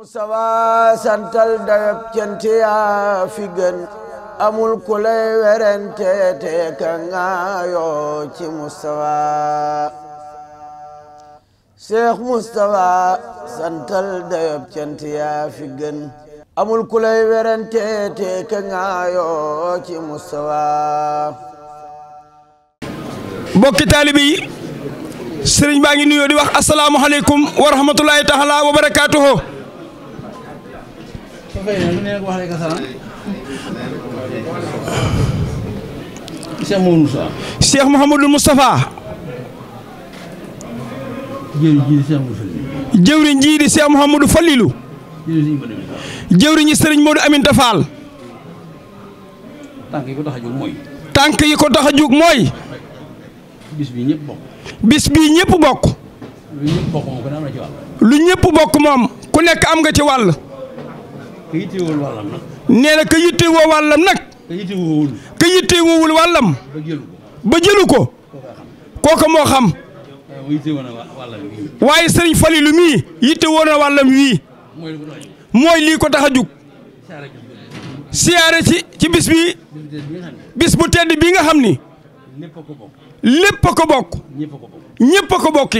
Mustafa santal amul ku lay werante te ka ci Mustafa Seex Mustafa santal dayab cant yaa fi gën amul ku lay werante te ka ci Mustafa bokki taalibe yi sëriñ baa ngi nuyoo di wax asalaamaaleykum wa rahmatulahi taala wa barakaatuhu Cheikh Mouhamadou Moustapha. Cheikh Mouhamadou Moustapha. jëwriñ jii di Cheikh Mouhamadou Falilou. jëwriñi Serigne Modou Aminta Fall. tànk yi ko tax a mooy. bis bii ñëpp bokk. ñëpp bokk. lu ñëpp bokk moom ku nekk am nga ci wàll. ka yittewul nee na ka yittewoo wàllam nag. ka yittewoowul. ka yittewoowul wàllam. ba jëlu ko. kooka moo xam. waaye sëriñ Falilou yi yittewoo na wàllam wii. mooy lii ko tax a jug. siyaare ci ci bis bi bis bu tedd bii nga xam ni. lépp a ko bokk. lépp ko bokk.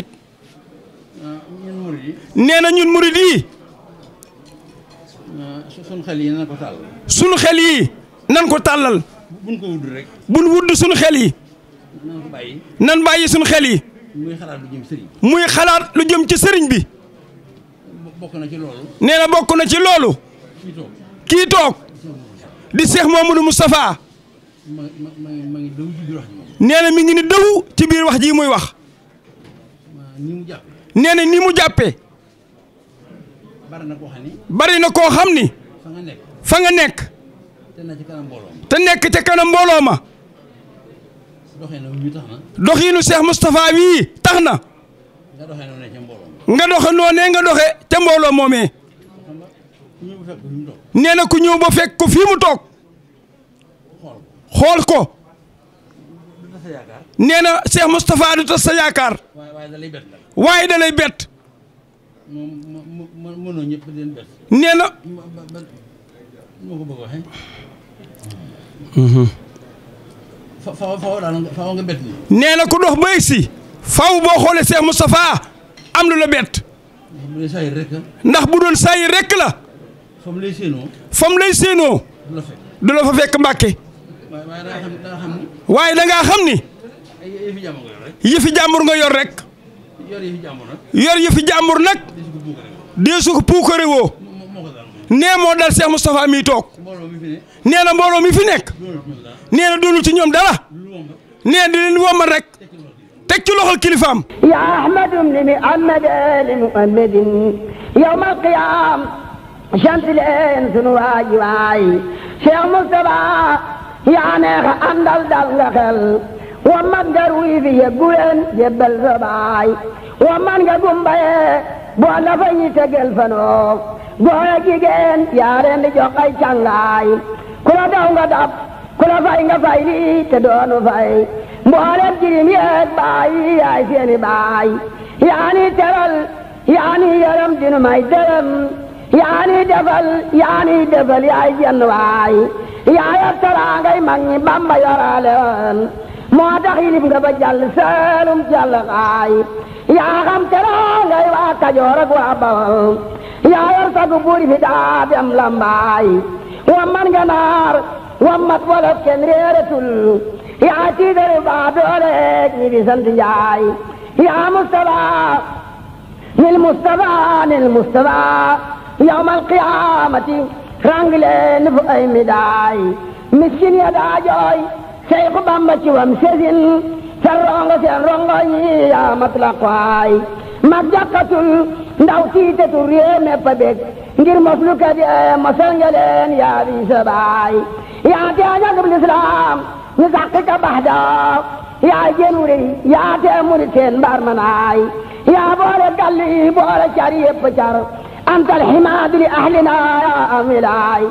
Ah, nee na ñun murid yi. sunu xel yi nan ko tàllal. sunu xel yi nan ko tàllal. buñ ko wudd rek. buñ wudd sunu xel yi. nan bàyyi. nan bàyyi sunu xel yi. muy xalaat lu jëm xalaat lu jëm ci sëriñ bi. bokk na ci nee na bokk na ci loolu. kii toog kii toog. di Cheikh Mamadou Moustapha. ma ma ma ngi daw mi ngi ni daw ci biir wax jii muy wax. ni nee na ni mu jàppee. bari na koo bari na koo xam ni. fa nga nekk. fa nga te nekk ca kanam mbooloo ma. te nekk ca kanam mbooloo ma. doxiinu Cheikh Moustapha wii tax na. nga doxe noonee ca nga doxe noonee nga doxe ca mbooloo moomee. nee na ku ñëw ba fekk ko fii mu toog. xool ko. nee na Cheikh Moustapha du tas sa yaakaar. waaye dalay lay mënoo ñëpp leen bett. nee na. ma ko bëgg mhm. nee na ku dox ba egsi. faaw boo xoolee Cheikh Moustapha am lu la bett. ndax bu doon saa yi rek la. fom lay séenoo. fa lay séenoo. du la fa fekk mbàkke. waaye da ngaa xam ni. yëfi jàmbur nga yor rek. yor yëfi jàmbur nag. yor yëfi jàmbur nag. deesu ko puukare woo. nee moo dal Cheikh Moustapha mi toog. nee na mbooloo mi fi nekk. nee na doonul ci ñoom dara. nee di leen womal rek. teg loxol kilifaam. yaa Ahmadu li Muhammadin yawmal qiyaam sant leen sunu waaji waay Cheikh Moustapha yaa neex a dal nga xel. wa man nga ruy fi yëggu leen jébbal sa baay wa man nga gumbayee boo la fa ñuy tegel fanoo góor ak jigéen di jox ay càngaay ku la daw nga dab ku la fay nga fay lii te doonu fay mboolem jirim yeeg baay yaay seeni baay yaay jenn waay yaa Bamba yoraale moo tax yilib nga ba jàll saalum jàll xaay yaa xam teraa ngay waa kajoor ak waa bawal yaa yor sagu buuri fi daa bi am lambaay wa man nga naar wa mat wolof kenn réeratul yaa tiitari baa dooleeg ñi di sant njaay yaa mustafa nil mustafa nil mustafa yawmal qiyaamati rang leen fu ay midaay miskin ya daa jooy Seyxu Bamba ci wam sesin sa rongo seen rongo yi yaa mat la xaay mag jàkkatul ndaw tiitatul réew mépp a bég ngir mos lu ka di mosal nga leen yaa bi sa baay yaa tee jàngub lislaam ñu sàqi ka bax daaw yaa jéenu rëy yaa tee murit seen mbaar manaay yaa boole galli boole car yépp car antal ximaadu li ahlinaa yaa am wilaay